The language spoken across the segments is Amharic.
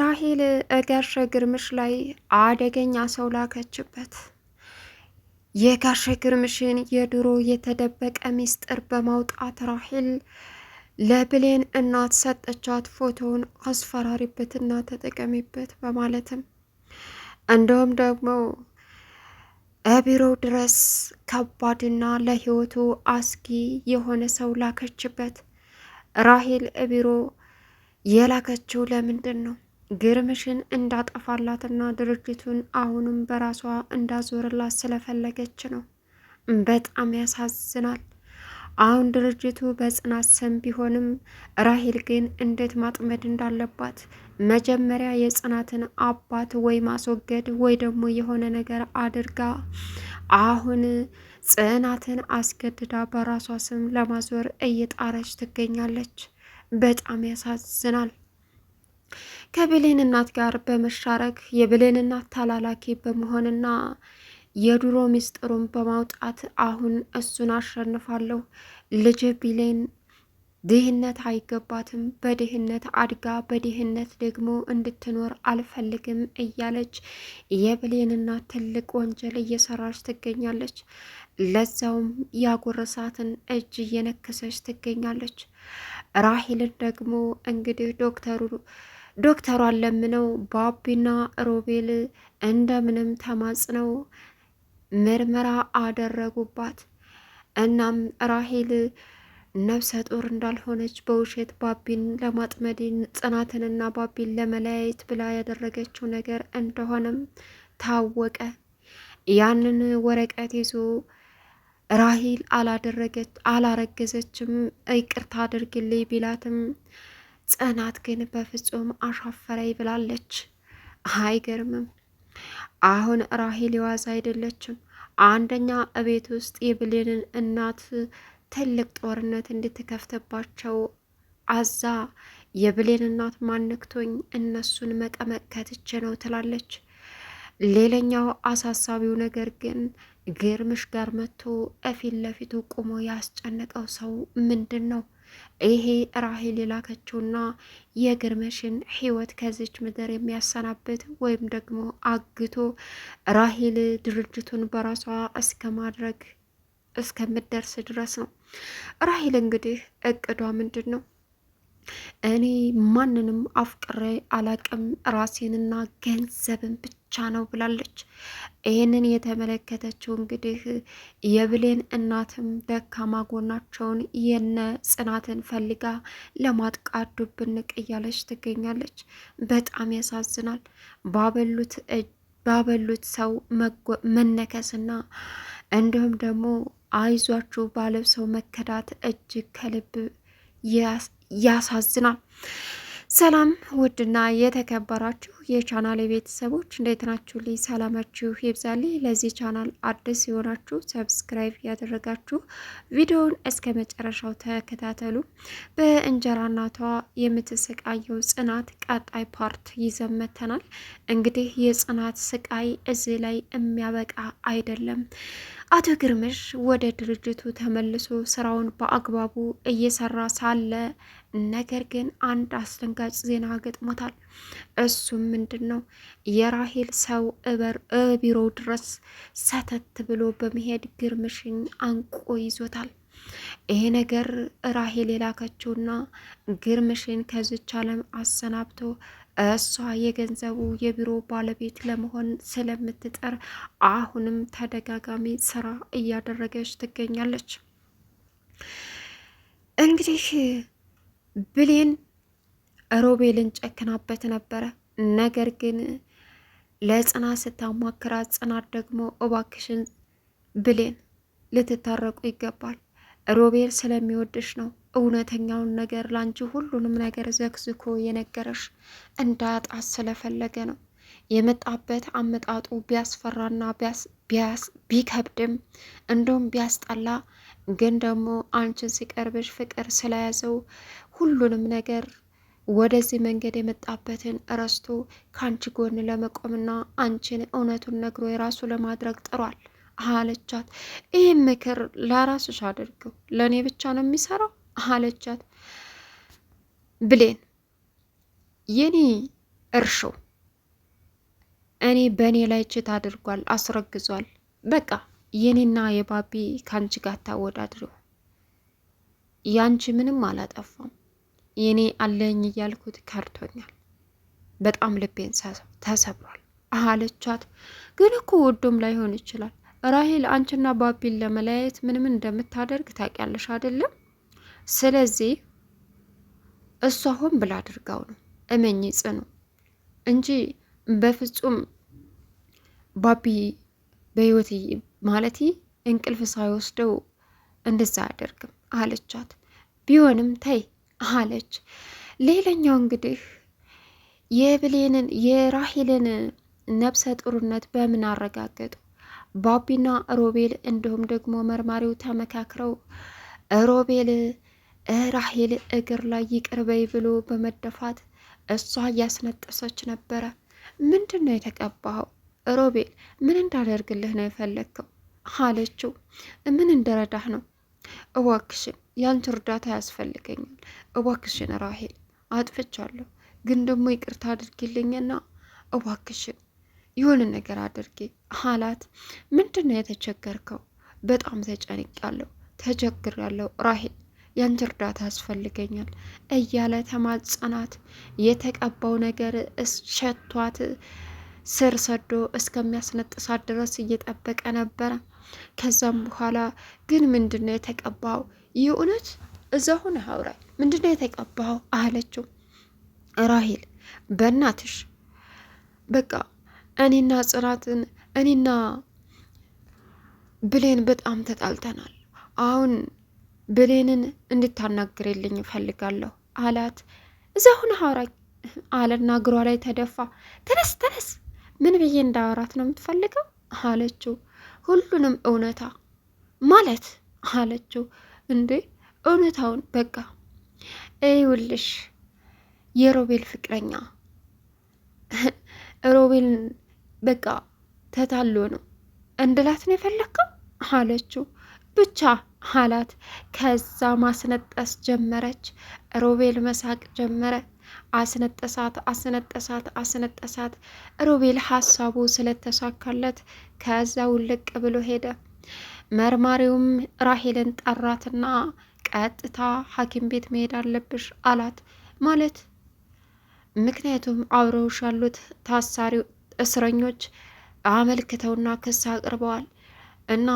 ራሄል ጋሸ ግርምሽ ላይ አደገኛ ሰው ላከችበት። የጋሸ ግርምሽን የድሮ የተደበቀ ሚስጥር በማውጣት ራሄል ለብሌን እናት ሰጠቻት። ፎቶውን አስፈራሪበትና ተጠቀሚበት በማለትም እንደውም ደግሞ ቢሮ ድረስ ከባድና ለህይወቱ አስጊ የሆነ ሰው ላከችበት። ራሄል ቢሮ የላከችው ለምንድን ነው? ግርምሽን እንዳጠፋላትና ድርጅቱን አሁንም በራሷ እንዳዞርላት ስለፈለገች ነው። በጣም ያሳዝናል። አሁን ድርጅቱ በጽናት ስም ቢሆንም ራሂል ግን እንዴት ማጥመድ እንዳለባት መጀመሪያ የጽናትን አባት ወይ ማስወገድ ወይ ደግሞ የሆነ ነገር አድርጋ አሁን ጽናትን አስገድዳ በራሷ ስም ለማዞር እየጣረች ትገኛለች። በጣም ያሳዝናል። ከብሌን እናት ጋር በመሻረክ የብሌን እናት ተላላኪ በመሆንና የድሮ ምስጢሩን በማውጣት አሁን እሱን አሸንፋለሁ። ልጅ ብሌን ድህነት አይገባትም። በድህነት አድጋ በድህነት ደግሞ እንድትኖር አልፈልግም እያለች የብሌን እናት ትልቅ ወንጀል እየሰራች ትገኛለች። ለዛውም ያጎረሳትን እጅ እየነከሰች ትገኛለች። ራሂልን ደግሞ እንግዲህ ዶክተሩ ዶክተሯን ለምነው ባቢና ሮቤል እንደምንም ተማጽነው ምርመራ አደረጉባት። እናም ራሄል ነፍሰ ጡር እንዳልሆነች በውሸት ባቢን ለማጥመድ ጽናትንና ባቢን ለመለያየት ብላ ያደረገችው ነገር እንደሆነም ታወቀ። ያንን ወረቀት ይዞ ራሂል አላደረገች አላረገዘችም፣ ይቅርታ አድርግልኝ ቢላትም ጽናት ግን በፍጹም አሻፈረኝ ብላለች። አይገርምም። አሁን ራሄል የዋዛ አይደለችም። አንደኛ እቤት ውስጥ የብሌንን እናት ትልቅ ጦርነት እንድትከፍትባቸው አዛ የብሌን እናት ማንክቶኝ እነሱን መቀመቅ ከትቼ ነው ትላለች። ሌላኛው አሳሳቢው ነገር ግን ግርምሽ ጋር መጥቶ እፊት ለፊቱ ቁሞ ያስጨነቀው ሰው ምንድን ነው? ይሄ ራሄል የላከችውና የግርመሽን ህይወት ከዚች ምድር የሚያሰናብት ወይም ደግሞ አግቶ ራሄል ድርጅቱን በራሷ እስከ ማድረግ እስከምደርስ ድረስ ነው። ራሄል እንግዲህ እቅዷ ምንድን ነው? እኔ ማንንም አፍቅሬ አላቅም ራሴንና ገንዘብን ብቻ ነው ብላለች። ይህንን የተመለከተችው እንግዲህ የብሌን እናትም ደካማ ጎናቸውን የነ ጽናትን ፈልጋ ለማጥቃት ዱብንቅ እያለች ትገኛለች። በጣም ያሳዝናል። ባበሉት ባበሉት ሰው መነከስና እንዲሁም ደግሞ አይዟችሁ ባለብሰው ሰው መከዳት እጅግ ከልብ ያሳዝናል። ሰላም ውድና የተከበራችሁ የቻናል ቤተሰቦች እንዴት ናችሁ? ልይ ሰላማችሁ ይብዛልኝ። ለዚህ ቻናል አዲስ የሆናችሁ ሰብስክራይብ ያደረጋችሁ ቪዲዮውን እስከ መጨረሻው ተከታተሉ። በእንጀራ እናቷ የምትሰቃየው ጽናት ቀጣይ ፓርት ይዘመተናል። እንግዲህ የጽናት ስቃይ እዚህ ላይ የሚያበቃ አይደለም። አቶ ግርምሽ ወደ ድርጅቱ ተመልሶ ስራውን በአግባቡ እየሰራ ሳለ ነገር ግን አንድ አስደንጋጭ ዜና ገጥሞታል። እሱም ምንድን ነው? የራሄል ሰው እበር ቢሮው ድረስ ሰተት ብሎ በመሄድ ግርምሽን አንቆ ይዞታል። ይሄ ነገር ራሄል የላከችውና ግርምሽን ከዚች ዓለም አሰናብቶ እሷ የገንዘቡ የቢሮ ባለቤት ለመሆን ስለምትጠር አሁንም ተደጋጋሚ ስራ እያደረገች ትገኛለች። እንግዲህ ብሌን ሮቤልን ጨክናበት ነበረ። ነገር ግን ለጽናት ስታማክራት ጽናት ደግሞ እባክሽን ብሌን ልትታረቁ ይገባል ሮቤል ስለሚወድሽ ነው እውነተኛውን ነገር ላንቺ ሁሉንም ነገር ዘክዝኮ የነገረሽ እንዳጣት ስለፈለገ ነው። የመጣበት አመጣጡ ቢያስፈራና ቢከብድም እንዲሁም ቢያስጠላ ግን ደግሞ አንቺን ሲቀርብሽ ፍቅር ስለያዘው ሁሉንም ነገር ወደዚህ መንገድ የመጣበትን እረስቶ ከአንቺ ጎን ለመቆምና አንቺን እውነቱን ነግሮ የራሱ ለማድረግ ጥሯል አለቻት። ይህም ምክር ለራስሽ አድርገው ለእኔ ብቻ ነው የሚሰራው አለቻት። ብሌን የኔ እርሾ እኔ በእኔ ላይ ችት አድርጓል፣ አስረግዟል። በቃ የኔና የባቢ ከአንቺ ጋር ታወዳድረው። ያንቺ ምንም አላጠፋም። የኔ አለኝ እያልኩት ከርቶኛል። በጣም ልቤን ተሰብሯል አለቻት። ግን እኮ ወዶም ላይሆን ይችላል። ራሄል አንቺና ባቢን ለመለያየት ምንም እንደምታደርግ ታውቂያለሽ አይደለም? ስለዚህ እሷ ሆን ብላ አድርጋው ነው እመኝ ጽኑ እንጂ በፍጹም ባቢ በህይወት ማለት እንቅልፍ ሳይወስደው እንደዛ አያደርግም አለቻት። ቢሆንም ተይ አለች። ሌላኛው እንግዲህ የብሌንን የራሂልን ነብሰ ጡርነት በምን አረጋገጡ? ባቢና ሮቤል እንዲሁም ደግሞ መርማሪው ተመካክረው ሮቤል ራሄል እግር ላይ ይቅርበይ ብሎ በመደፋት እሷ እያስነጠሰች ነበረ። ምንድን ነው የተቀባኸው? ሮቤል ምን እንዳደርግልህ ነው የፈለግከው? አለችው። ምን እንደረዳህ ነው? እባክሽን ያንቺ እርዳታ ያስፈልገኛል። እባክሽን ራሄል አጥፍቻለሁ፣ ግን ደግሞ ይቅርታ አድርጊልኝና እባክሽን የሆነ ነገር አድርጊ አላት። ምንድን ነው የተቸገርከው? በጣም ተቸግር ያለው ራሄል ያንቺ እርዳታ ያስፈልገኛል እያለ ተማጸናት። የተቀባው ነገር ሸቷት ስር ሰዶ እስከሚያስነጥሳት ድረስ እየጠበቀ ነበረ። ከዛም በኋላ ግን ምንድን ነው የተቀባው? የእውነት እዛ ሆነ ሀውራ ምንድን ነው የተቀባው አለችው። ራሂል በእናትሽ በቃ እኔና ጽናትን እኔና ብሌን በጣም ተጣልተናል አሁን ብሌንን እንድታናግርልኝ እፈልጋለሁ አላት። እዚ አሁን አውራኝ አለና እግሯ ላይ ተደፋ። ተነስ ተነስ፣ ምን ብዬ እንዳወራት ነው የምትፈልገው አለችው። ሁሉንም እውነታ ማለት አለችው። እንዴ እውነታውን በቃ ይውልሽ የሮቤል ፍቅረኛ ሮቤልን በቃ ተታሎ ነው እንድላት ነው የፈለግከው አለችው። ብቻ አላት። ከዛ ማስነጠስ ጀመረች። ሮቤል መሳቅ ጀመረ። አስነጠሳት አስነጠሳት አስነጠሳት። ሮቤል ሀሳቡ ስለተሳካለት ከዛ ውልቅ ብሎ ሄደ። መርማሪውም ራሄልን ጠራትና ቀጥታ ሐኪም ቤት መሄድ አለብሽ አላት። ማለት ምክንያቱም አብረውሽ ያሉት ታሳሪው እስረኞች አመልክተውና ክስ አቅርበዋል። እና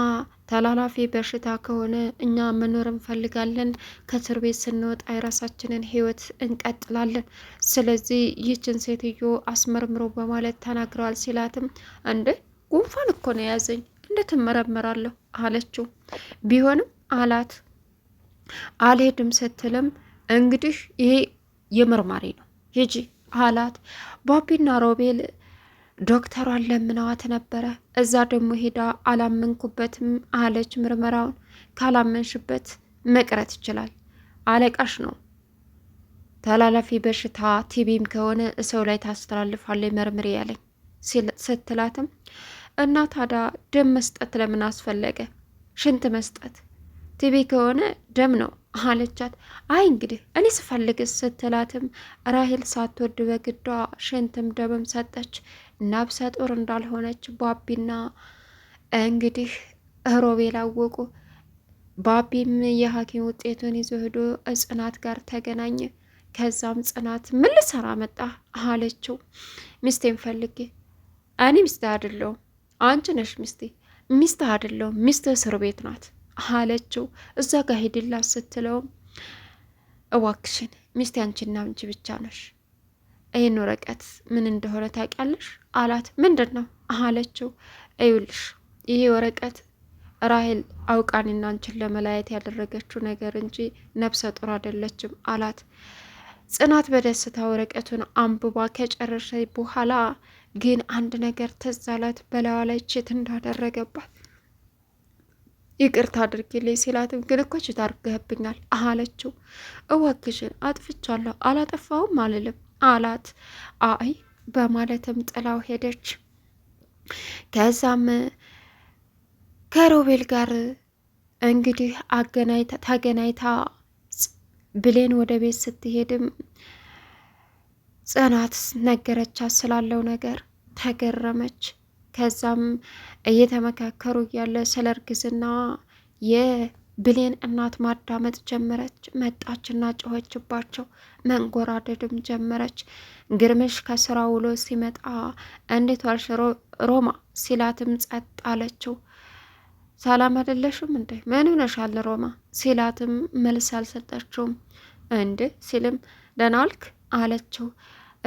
ተላላፊ በሽታ ከሆነ እኛ መኖር እንፈልጋለን። ከእስር ቤት ስንወጣ የራሳችንን ህይወት እንቀጥላለን። ስለዚህ ይችን ሴትዮ አስመርምሮ በማለት ተናግረዋል ሲላትም እንዴ ጉንፋን እኮ ነው የያዘኝ እንዴት አለችው። ቢሆንም አላት አልሄድም ስትልም እንግዲህ ይሄ የምርማሪ ነው ሂጂ አላት። ባቢና ሮቤል ዶክተሯን ለምነዋት ነበረ። እዛ ደግሞ ሄዳ አላመንኩበትም አለች። ምርመራውን ካላመንሽበት መቅረት ይችላል። አለቃሽ ነው ተላላፊ በሽታ ቲቢም ከሆነ ሰው ላይ ታስተላልፋለች መርምሬ ያለኝ ስትላትም እና ታዲያ ደም መስጠት ለምን አስፈለገ? ሽንት መስጠት ቲቢ ከሆነ ደም ነው አለቻት። አይ እንግዲህ እኔ ስፈልግ ስትላትም ራሄል ሳትወድ በግዷ ሽንትም ደምም ሰጠች። ነብሰ ጡር እንዳልሆነች ባቢና እንግዲህ ሮቤል አወቁ። ባቢም የሐኪም ውጤቱን ይዞ ሄዶ ጽናት ጋር ተገናኘ። ከዛም ጽናት ምን ልሰራ መጣ አለችው። ሚስቴን ፈልጌ እኔ ሚስቴ አይደለሁም፣ አንቺ ነሽ ሚስቴ። ሚስት አይደለሁም፣ ሚስት እስር ቤት ናት አለችው። እዛ ጋር ሂድላት ስትለውም እዋክሽን ሚስቴ አንቺና አንቺ ብቻ ነሽ ይህን ወረቀት ምን እንደሆነ ታውቂያለሽ አላት። ምንድን ነው አለችው። እዩልሽ ይሄ ወረቀት ራሄል አውቃንና አንቺን ለመላየት ያደረገችው ነገር እንጂ ነፍሰ ጡር አይደለችም አላት። ጽናት በደስታ ወረቀቱን አንብባ ከጨረሰ በኋላ ግን አንድ ነገር ትዝ አላት። በላዋ ላይ ችት እንዳደረገባት ይቅርታ አድርጊልኝ ሲላትም ግን እኮ ችት አድርገህብኛል አለችው። እዋክሽን አጥፍቻለሁ አላጠፋውም አልልም አላት። አይ በማለትም ጥላው ሄደች። ከዛም ከሮቤል ጋር እንግዲህ አገናኝታ ተገናኝታ ብሌን ወደ ቤት ስትሄድም ጽናት ነገረቻት ስላለው ነገር ተገረመች። ከዛም እየተመካከሩ እያለ ስለ የ ብሌን እናት ማዳመጥ ጀመረች። መጣችና ጮኸችባቸው። መንጎራደድም ጀመረች። ግርምሽ ከስራ ውሎ ሲመጣ እንዴት ዋልሽ ሮማ ሲላትም ጸጥ አለችው። ሰላም አይደለሽም እንዴ? ምን ሆነሻል ሮማ ሲላትም መልስ አልሰጠችውም። እንዴ ሲልም ደህና ዋልክ አለችው።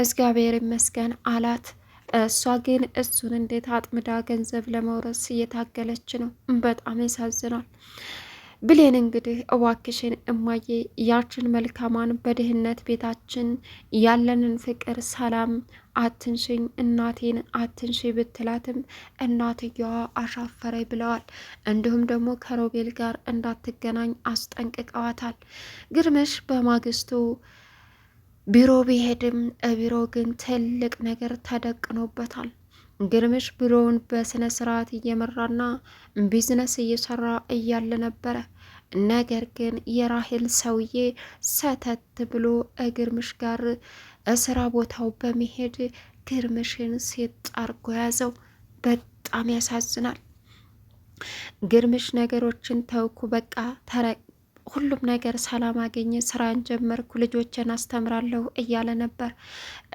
እግዚአብሔር ይመስገን አላት። እሷ ግን እሱን እንዴት አጥምዳ ገንዘብ ለመውረስ እየታገለች ነው። በጣም ያሳዝናል። ብሌን እንግዲህ እዋክሽን እማዬ ያችን መልካማን በድህነት ቤታችን ያለንን ፍቅር ሰላም አትንሽኝ እናቴን አትንሽ ብትላትም እናትየዋ አሻፈረኝ ብለዋል። እንዲሁም ደግሞ ከሮቤል ጋር እንዳትገናኝ አስጠንቅቀዋታል። ግርምሽ በማግስቱ ቢሮ ቢሄድም ቢሮ ግን ትልቅ ነገር ተደቅኖበታል። ግርምሽ ቢሮውን በስነ ስርዓት እየመራና ቢዝነስ እየሰራ እያለ ነበረ። ነገር ግን የራሄል ሰውዬ ሰተት ብሎ እግርምሽ ጋር ስራ ቦታው በመሄድ ግርምሽን ሴት አርጎ ያዘው። በጣም ያሳዝናል። ግርምሽ ነገሮችን ተውኩ፣ በቃ ተረቅ ሁሉም ነገር ሰላም አገኘ፣ ስራን ጀመርኩ፣ ልጆችን አስተምራለሁ እያለ ነበር።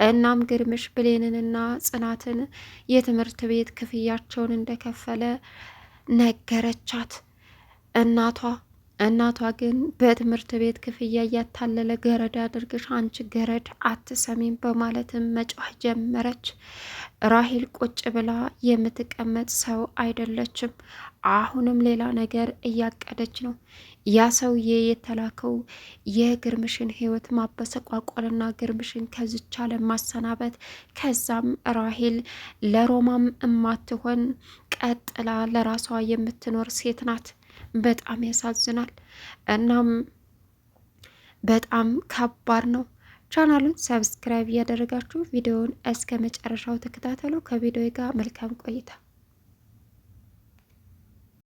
እናም ግርምሽ ብሌንንና ጽናትን የትምህርት ቤት ክፍያቸውን እንደከፈለ ነገረቻት። እናቷ እናቷ ግን በትምህርት ቤት ክፍያ እያታለለ ገረድ አድርግሽ አንቺ ገረድ አትሰሚም በማለትም መጮህ ጀመረች። ራሂል ቁጭ ብላ የምትቀመጥ ሰው አይደለችም። አሁንም ሌላ ነገር እያቀደች ነው። ያ ሰውዬ የተላከው የግርምሽን ህይወት ማበሰቋቋልና ግርምሽን ከዚች ዓለም ማሰናበት ከዛም ራሄል ለሮማም እማትሆን ቀጥላ ለራሷ የምትኖር ሴት ናት። በጣም ያሳዝናል። እናም በጣም ከባድ ነው። ቻናሉን ሰብስክራይብ እያደረጋችሁ ቪዲዮውን እስከ መጨረሻው ተከታተሉ። ከቪዲዮ ጋር መልካም ቆይታ